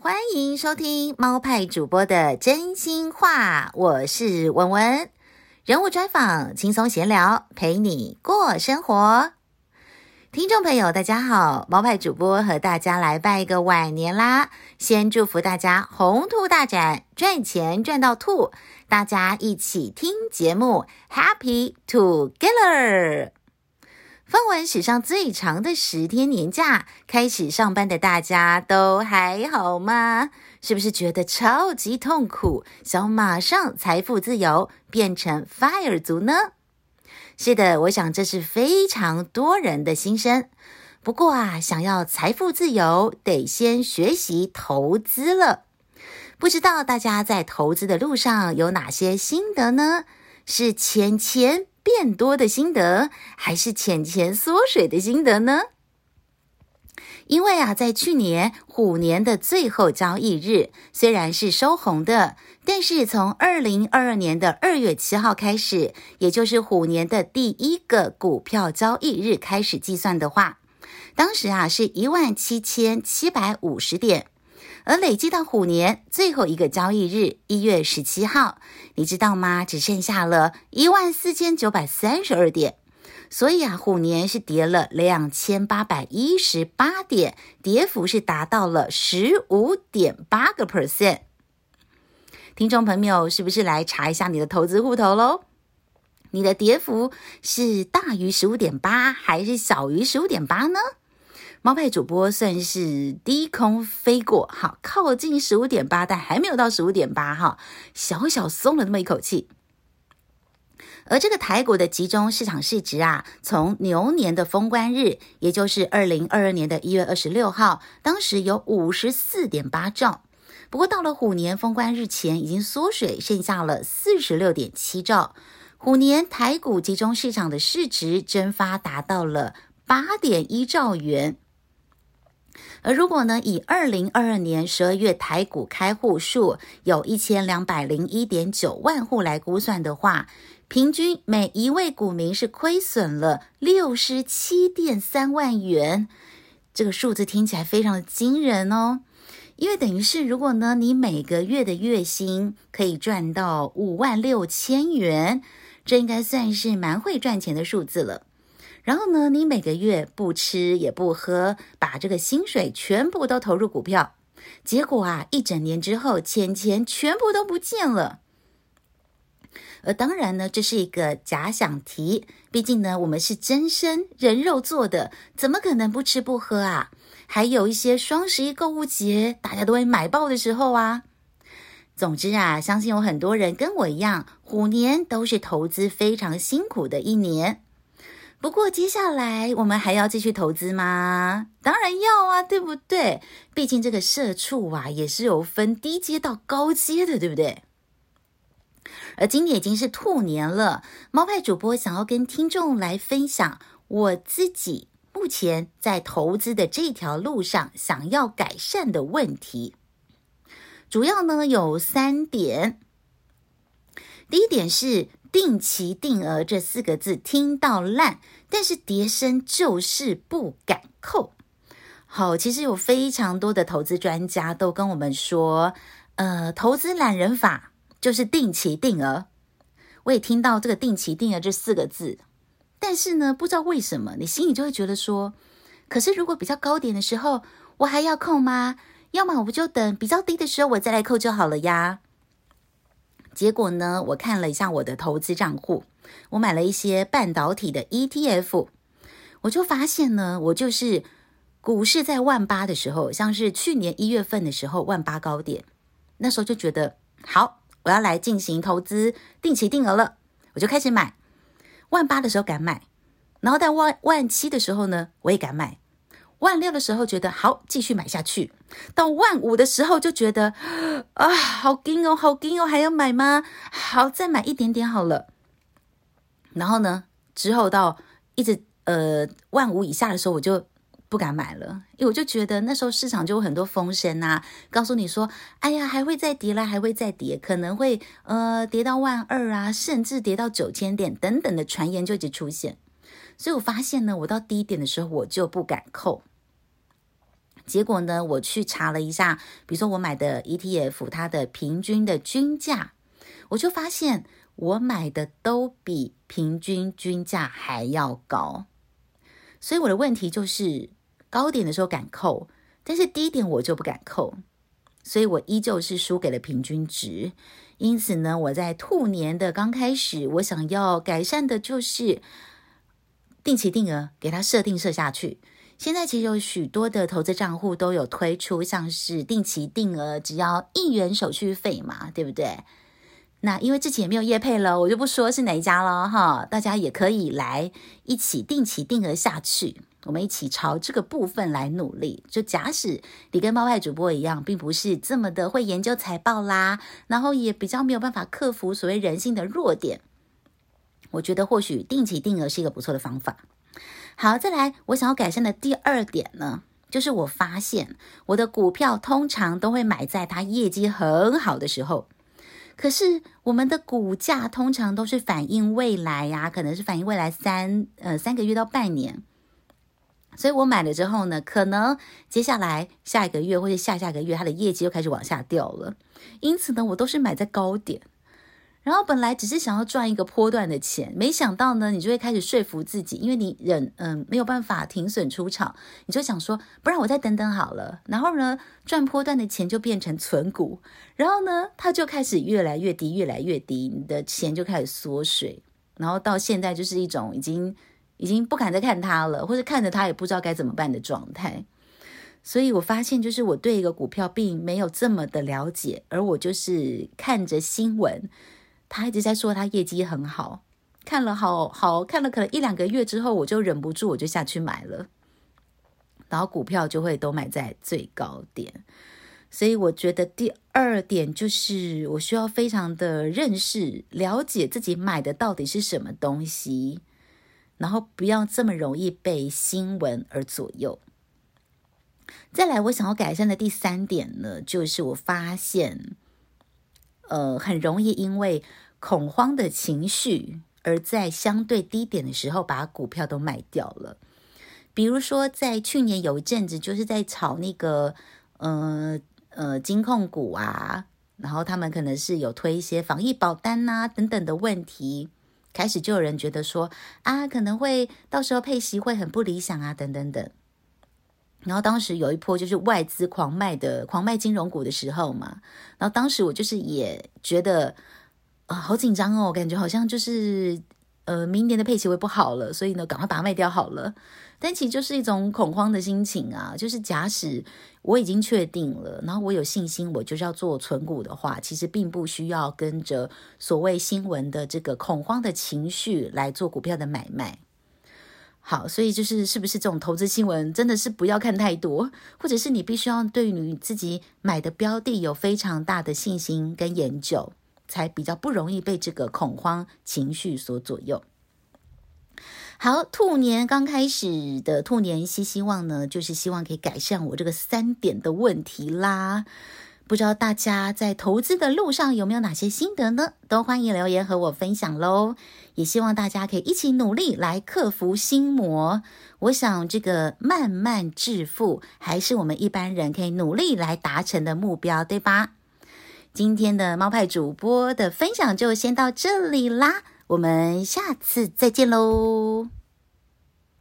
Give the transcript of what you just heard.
歡迎收聽貓派主播的真心話，我是文文。人物專訪，輕鬆閒聊，陪你過生活。聽眾朋友，大家好！貓派主播和大家來拜個晚年啦，先祝福大家鴻兔大展，賺錢賺到吐！大家一起聽節目，Happy Together！放完史上最長的十天年假，開始上班的大家都還好嗎？是不是覺得超級痛苦，想馬上財富自由，變成 FIRE 族呢？是的，我想這是非常多人的心聲。不過啊，想要財富自由，得先學習投資了。不知道大家在投資的路上有哪些心得呢？是錢錢。變多的心得，還是淺錢縮水的心得呢？因為啊，在去年虎年的最後交易日，雖然是收紅的，但是從二零二二年的二月七號開始，也就是虎年的第一個股票交易日開始計算的話，當時啊，是一萬七千七百五十點。而累計到虎年最後一個交易日一月十七號，你知道嗎？只剩下了一萬四千九百三十二點，所以啊，虎年是跌了兩千八百一十八點，跌幅是達到了十五點八個 percent。聽眾朋友，是不是來查一下你的投資戶頭嘍？你的跌幅是大於十五點八，還是小於十五點八呢？貓派主播算是低空飛過，哈，靠近十五點八，但還沒有到十五點八哈，小小鬆了那麼一口氣。而這個台股的集中市場市值啊，從牛年的封關日，也就是二零二二年的一月二十六號，當時有五十四點八兆，不過到了虎年封關日前已經縮水，剩下了四十六點七兆。虎年台股集中市場的市值蒸發達到了八點一兆元。而如果呢，以二零二二年十二月台股開戶數有一千兩百零一點九萬戶來估算的話，平均每一位股民是虧損了六十七點三萬元。這個數字聽起來非常的驚人哦，因為等於是如果呢，你每個月的月薪可以賺到五萬六千元，這應該算是蠻會賺錢的數字了。然後呢，你每個月不吃也不喝，把這個薪水全部都投入股票，結果啊，一整年之後，錢錢全部都不見了。呃，當然呢，這是一個假想題，畢竟呢，我們是真身人肉做的，怎麼可能不吃不喝啊？還有一些雙十一購物節，大家都會買爆的時候啊。總之啊，相信有很多人跟我一樣，虎年都是投資非常辛苦的一年。不過接下來我們還要繼續投資嗎？當然要啊，對不對？畢竟這個社畜啊，也是有分低階到高階的，對不對？而今年已經是兔年了，貓派主播想要跟聽眾來分享我自己目前在投資的這條路上想要改善的問題，主要呢有三點。第一點是。定期定額這四個字聽到爛，但是跌深就是不敢扣。好，其實有非常多的投資專家都跟我們說，呃，投資懶人法就是定期定額。我也聽到這個定期定額這四個字，但是呢，不知道為什麼你心裡就會覺得說，可是如果比較高點的時候，我還要扣嗎？要麼我不就等比較低的時候我再來扣就好了呀。結果呢，我看了一下我的投資賬戶，我買了一些半導體的 ETF，我就發現呢，我就是股市在萬八的時候，像是去年一月份的時候，萬八高點，那時候就覺得好，我要來進行投資，定期定額了，我就開始買。萬八的時候敢買，然後在萬萬七的時候呢，我也敢買。萬六的時候覺得好，繼續買下去；到萬五的時候就覺得啊，好驚哦，好驚哦，還要買嗎？好，再買一點點好了。然後呢，之後到一直呃萬五以下的時候，我就不敢買了，因為我就覺得那時候市場就有很多風聲啊，告訴你說，哎呀，還會再跌啦，還會再跌，可能會呃跌到萬二啊，甚至跌到九千點等等的傳言就已經出現。所以我發現呢，我到低點的時候我就不敢扣。結果呢，我去查了一下，比如說我買的 ETF，它的平均的均價，我就發現我買的都比平均均價還要高。所以我的問題就是高點的時候敢扣，但是低點我就不敢扣，所以我依舊是輸給了平均值。因此呢，我在兔年的剛開始，我想要改善的就是。定期定額給他設定設下去，現在其實有許多的投資賬戶都有推出，像是定期定額，只要一元手續費嘛，對不對？那因為之前沒有業配了，我就不說是哪一家了哈，大家也可以來一起定期定額下去，我們一起朝這個部分來努力。就假使你跟貓派主播一樣，並不是這麼的會研究財報啦，然後也比較沒有辦法克服所謂人性的弱點。我覺得或許定期定額是一個不錯的方法。好，再來，我想要改善的第二點呢，就是我發現我的股票通常都會買在它業績很好的時候，可是我們的股價通常都是反映未來呀，可能是反映未來三呃三個月到半年，所以我買了之後呢，可能接下來下一個月或者下下個月它的業績又開始往下掉了，因此呢，我都是買在高點。然後本來只是想要賺一個波段的錢，沒想到呢，你就會開始說服自己，因為你忍嗯沒有辦法停損出場，你就想說，不然我再等等好了。然後呢，賺波段的錢就變成存股，然後呢，它就開始越來越低，越來越低，你的錢就開始縮水。然後到現在就是一種已經已經不敢再看它了，或者看着它也不知道該怎麼辦的狀態。所以我發現，就是我對一個股票並沒有這麼的了解，而我就是看着新聞。他一直在說他業績很好，看了好好看了，可能一兩個月之後，我就忍不住，我就下去買了，然後股票就會都買在最高點。所以我覺得第二點就是我需要非常的認識、了解自己買的到底是什麼東西，然後不要這麼容易被新聞而左右。再來，我想要改善的第三點呢，就是我發現。呃，很容易因為恐慌的情緒，而在相對低點的時候把股票都賣掉了。比如說，在去年有一陣子，就是在炒那個呃呃金控股啊，然後他們可能是有推一些防疫保單吶、啊、等等的問題，開始就有人覺得說啊，可能會到時候配息會很不理想啊，等等等。然後當時有一波就是外資狂賣的，狂賣金融股的時候嘛，然後當時我就是也覺得啊、呃、好緊張哦，感覺好像就是呃明年的配息會不好了，所以呢趕快把它賣掉好了。但其實就是一種恐慌的心情啊，就是假使我已經確定了，然後我有信心，我就是要做存股的話，其實並不需要跟着所謂新聞的這個恐慌的情緒來做股票的買賣。好，所以就是是不是這種投資新聞真的是不要看太多，或者是你必須要對你自己買的標的有非常大的信心跟研究，才比較不容易被這個恐慌情緒所左右。好，兔年剛開始的兔年新希望呢，就是希望可以改善我這個三點的問題啦。不知道大家在投資的路上有沒有哪些心得呢？都歡迎留言和我分享嘍！也希望大家可以一起努力來克服心魔。我想這個慢慢致富還是我們一般人可以努力來達成的目標，對吧？今天的貓派主播的分享就先到這裡啦，我們下次再見嘍！